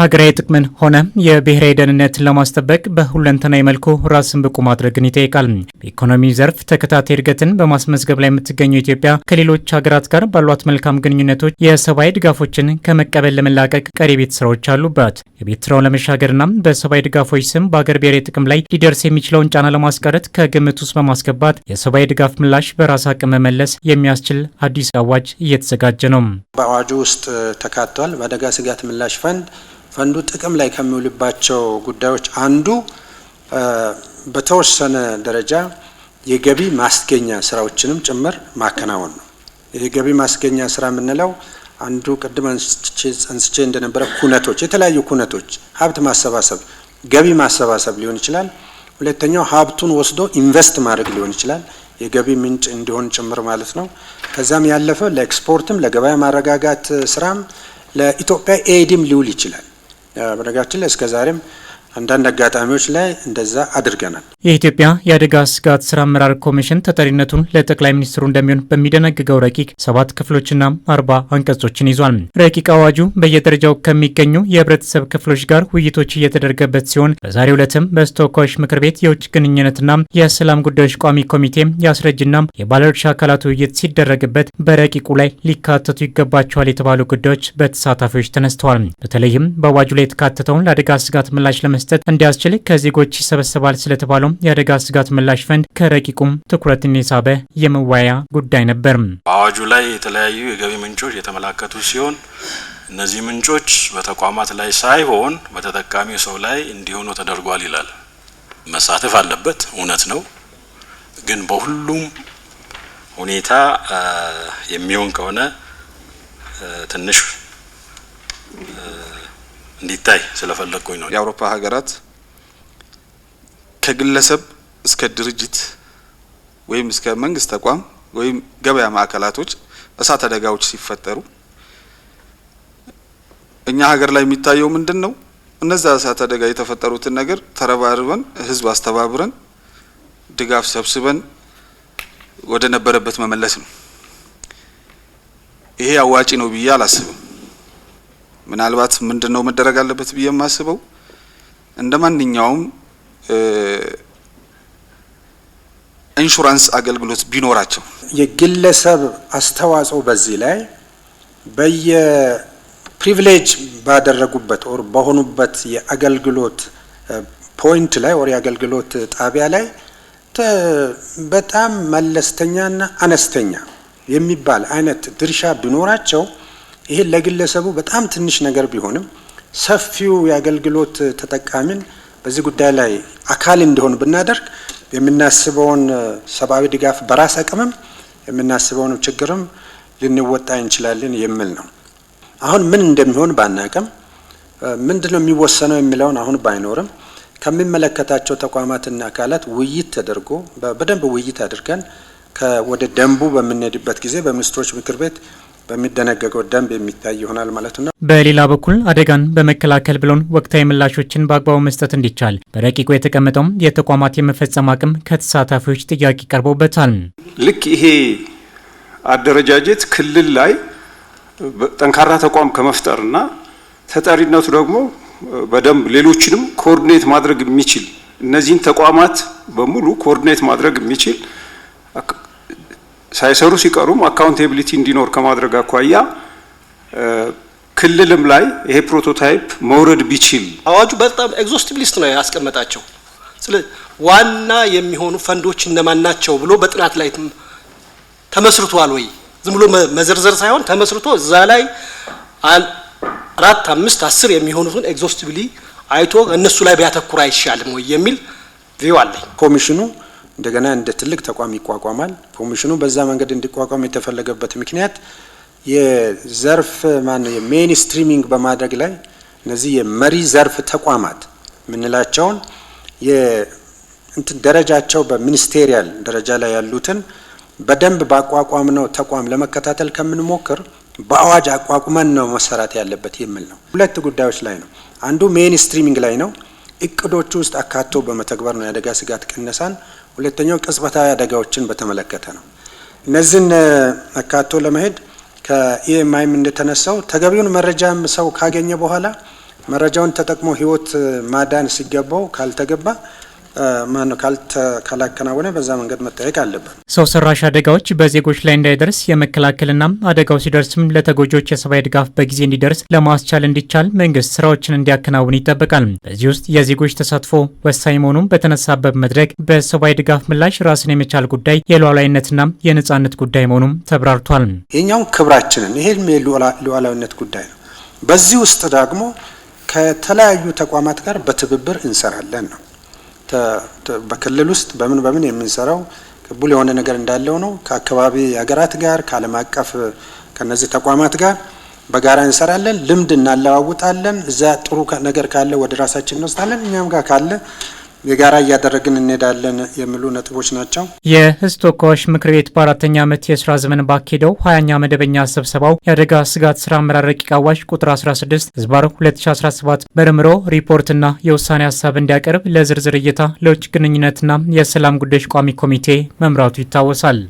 ሀገራዊ ጥቅምን ሆነ የብሔራዊ ደህንነትን ለማስጠበቅ በሁለንተናዊ መልኩ ራስን ብቁ ማድረግን ይጠይቃል። በኢኮኖሚ ዘርፍ ተከታታይ እድገትን በማስመዝገብ ላይ የምትገኘው ኢትዮጵያ ከሌሎች ሀገራት ጋር ባሏት መልካም ግንኙነቶች የሰብአዊ ድጋፎችን ከመቀበል ለመላቀቅ ቀሪ ቤት ስራዎች አሉባት። የቤት ስራውን ለመሻገርና በሰብአዊ ድጋፎች ስም በአገር ብሔራዊ ጥቅም ላይ ሊደርስ የሚችለውን ጫና ለማስቀረት ከግምት ውስጥ በማስገባት የሰብአዊ ድጋፍ ምላሽ በራስ አቅም መመለስ የሚያስችል አዲስ አዋጅ እየተዘጋጀ ነው። በአዋጁ ውስጥ ተካቷል። በአደጋ ስጋት ምላሽ ፈንድ ፈንዱ ጥቅም ላይ ከሚውልባቸው ጉዳዮች አንዱ በተወሰነ ደረጃ የገቢ ማስገኛ ስራዎችንም ጭምር ማከናወን ነው። የገቢ ማስገኛ ስራ የምንለው አንዱ ቅድም አንስቼ እንደነበረ ኩነቶች፣ የተለያዩ ኩነቶች ሀብት ማሰባሰብ ገቢ ማሰባሰብ ሊሆን ይችላል። ሁለተኛው ሀብቱን ወስዶ ኢንቨስት ማድረግ ሊሆን ይችላል፣ የገቢ ምንጭ እንዲሆን ጭምር ማለት ነው። ከዛም ያለፈ ለኤክስፖርትም ለገበያ ማረጋጋት ስራም ለኢትዮጵያ ኤድም ሊውል ይችላል። በነገራችን ላይ አንዳንድ አጋጣሚዎች ላይ እንደዛ አድርገናል። የኢትዮጵያ የአደጋ ስጋት ስራ አመራር ኮሚሽን ተጠሪነቱን ለጠቅላይ ሚኒስትሩ እንደሚሆን በሚደነግገው ረቂቅ ሰባት ክፍሎችና አርባ አንቀጾችን ይዟል። ረቂቅ አዋጁ በየደረጃው ከሚገኙ የህብረተሰብ ክፍሎች ጋር ውይይቶች እየተደረገበት ሲሆን በዛሬው ዕለትም በተወካዮች ምክር ቤት የውጭ ግንኙነትና የሰላም ጉዳዮች ቋሚ ኮሚቴ የአስረጅና የባለድርሻ አካላት ውይይት ሲደረግበት በረቂቁ ላይ ሊካተቱ ይገባቸዋል የተባሉ ጉዳዮች በተሳታፊዎች ተነስተዋል። በተለይም በአዋጁ ላይ የተካተተውን ለአደጋ ስጋት ምላሽ ለመስ ለመስጠት እንዲያስችል ከዜጎች ይሰበሰባል ስለተባለው የአደጋ ስጋት ምላሽ ፈንድ ከረቂቁም ትኩረትን የሳበ የመወያያ ጉዳይ ነበር። በአዋጁ ላይ የተለያዩ የገቢ ምንጮች የተመላከቱ ሲሆን እነዚህ ምንጮች በተቋማት ላይ ሳይሆን በተጠቃሚው ሰው ላይ እንዲሆኑ ተደርጓል ይላል። መሳተፍ አለበት፣ እውነት ነው። ግን በሁሉም ሁኔታ የሚሆን ከሆነ ትንሽ እንዲታይ ስለፈለግኩኝ ነው። የአውሮፓ ሀገራት ከግለሰብ እስከ ድርጅት ወይም እስከ መንግስት ተቋም ወይም ገበያ ማዕከላቶች እሳት አደጋዎች ሲፈጠሩ እኛ ሀገር ላይ የሚታየው ምንድን ነው? እነዛ እሳት አደጋ የተፈጠሩትን ነገር ተረባርበን ህዝብ አስተባብረን ድጋፍ ሰብስበን ወደ ነበረበት መመለስ ነው። ይሄ አዋጪ ነው ብዬ አላስብም። ምናልባት ምንድን ነው መደረግ አለበት ብዬ የማስበው እንደ ማንኛውም ኢንሹራንስ አገልግሎት ቢኖራቸው የግለሰብ አስተዋጽኦ በዚህ ላይ በየፕሪቪሌጅ ባደረጉበት ኦር በሆኑበት የአገልግሎት ፖይንት ላይ ወር የአገልግሎት ጣቢያ ላይ በጣም መለስተኛና አነስተኛ የሚባል አይነት ድርሻ ቢኖራቸው ይሄ ለግለሰቡ በጣም ትንሽ ነገር ቢሆንም ሰፊው የአገልግሎት ተጠቃሚን በዚህ ጉዳይ ላይ አካል እንዲሆን ብናደርግ የምናስበውን ሰብአዊ ድጋፍ በራስ አቅምም የምናስበውን ችግርም ልንወጣ እንችላለን የሚል ነው። አሁን ምን እንደሚሆን ባናቅም ምንድነው የሚወሰነው የሚለውን አሁን ባይኖርም ከሚመለከታቸው ተቋማትና አካላት ውይይት ተደርጎ በደንብ ውይይት አድርገን ወደ ደንቡ በምንሄድበት ጊዜ በሚኒስትሮች ምክር ቤት በሚደነገገው ደንብ የሚታይ ይሆናል ማለት ነው። በሌላ በኩል አደጋን በመከላከል ብሎን ወቅታዊ ምላሾችን በአግባቡ መስጠት እንዲቻል በረቂቁ የተቀመጠውም የተቋማት የመፈጸም አቅም ከተሳታፊዎች ጥያቄ ቀርቦበታል። ልክ ይሄ አደረጃጀት ክልል ላይ ጠንካራ ተቋም ከመፍጠርና ተጠሪነቱ ደግሞ በደንብ ሌሎችንም ኮኦርዲኔት ማድረግ የሚችል እነዚህን ተቋማት በሙሉ ኮኦርዲኔት ማድረግ የሚችል ሳይሰሩ ሲቀሩም አካውንቴቢሊቲ እንዲኖር ከማድረግ አኳያ ክልልም ላይ ይሄ ፕሮቶታይፕ መውረድ ቢችል አዋጁ በጣም ኤግዞስቲቭ ሊስት ነው ያስቀመጣቸው። ስለዚህ ዋና የሚሆኑ ፈንዶች እነማን ናቸው ብሎ በጥናት ላይ ተመስርቷል ወይ? ዝም ብሎ መዘርዘር ሳይሆን ተመስርቶ እዛ ላይ አራት አምስት አስር የሚሆኑትን ኤግዞስቲቭሊ አይቶ እነሱ ላይ ቢያተኩር አይሻልም ወይ የሚል ቪው አለኝ ኮሚሽኑ እንደገና እንደ ትልቅ ተቋም ይቋቋማል። ኮሚሽኑ በዛ መንገድ እንዲቋቋም የተፈለገበት ምክንያት የዘርፍ ማን የሜን ስትሪሚንግ በማድረግ ላይ እነዚህ የመሪ ዘርፍ ተቋማት የምንላቸውን እንትን ደረጃቸው በሚኒስቴሪያል ደረጃ ላይ ያሉትን በደንብ በአቋቋም ነው ተቋም ለመከታተል ከምንሞክር በአዋጅ አቋቁመን ነው መሰራት ያለበት የሚል ነው። ሁለት ጉዳዮች ላይ ነው። አንዱ ሜን ስትሪሚንግ ላይ ነው። እቅዶቹ ውስጥ አካቶ በመተግበር ነው የአደጋ ስጋት ቅነሳን ሁለተኛው ቅጽበታዊ አደጋዎችን በተመለከተ ነው። እነዚህን አካቶ ለመሄድ ከኢኤምአይም እንደተነሳው ተገቢውን መረጃም ሰው ካገኘ በኋላ መረጃውን ተጠቅሞ ህይወት ማዳን ሲገባው ካልተገባ ማን ካላከናወነ በዛ መንገድ መጠየቅ አለበት። ሰው ሰራሽ አደጋዎች በዜጎች ላይ እንዳይደርስ የመከላከልና አደጋው ሲደርስም ለተጎጂዎች የሰብአዊ ድጋፍ በጊዜ እንዲደርስ ለማስቻል እንዲቻል መንግስት ስራዎችን እንዲያከናውን ይጠበቃል። በዚህ ውስጥ የዜጎች ተሳትፎ ወሳኝ መሆኑን በተነሳበት መድረክ በሰብአዊ ድጋፍ ምላሽ ራስን የመቻል ጉዳይ የሉዓላዊነትና የነጻነት ጉዳይ መሆኑም ተብራርቷል። የኛውን ክብራችንን ይሄም የሉዓላዊነት ጉዳይ ነው። በዚህ ውስጥ ደግሞ ከተለያዩ ተቋማት ጋር በትብብር እንሰራለን ነው በክልል ውስጥ በምን በምን የምንሰራው ቅቡል የሆነ ነገር እንዳለው ነው። ከአካባቢ ሀገራት ጋር ከዓለም አቀፍ ከነዚህ ተቋማት ጋር በጋራ እንሰራለን፣ ልምድ እናለዋውጣለን። እዛ ጥሩ ነገር ካለ ወደ ራሳችን እንወስዳለን። እኛም ጋር ካለ የጋራ እያደረግን እንሄዳለን የሚሉ ነጥቦች ናቸው። የሕዝብ ተወካዮች ምክር ቤት በአራተኛ ዓመት የስራ ዘመን ባካሄደው ሀያኛ መደበኛ ስብሰባው የአደጋ ስጋት ስራ አመራር ረቂቅ አዋጅ ቁጥር 16 ህዝባር 2017 መርምሮ ሪፖርትና የውሳኔ ሀሳብ እንዲያቀርብ ለዝርዝር እይታ ለውጭ ግንኙነትና የሰላም ጉዳዮች ቋሚ ኮሚቴ መምራቱ ይታወሳል።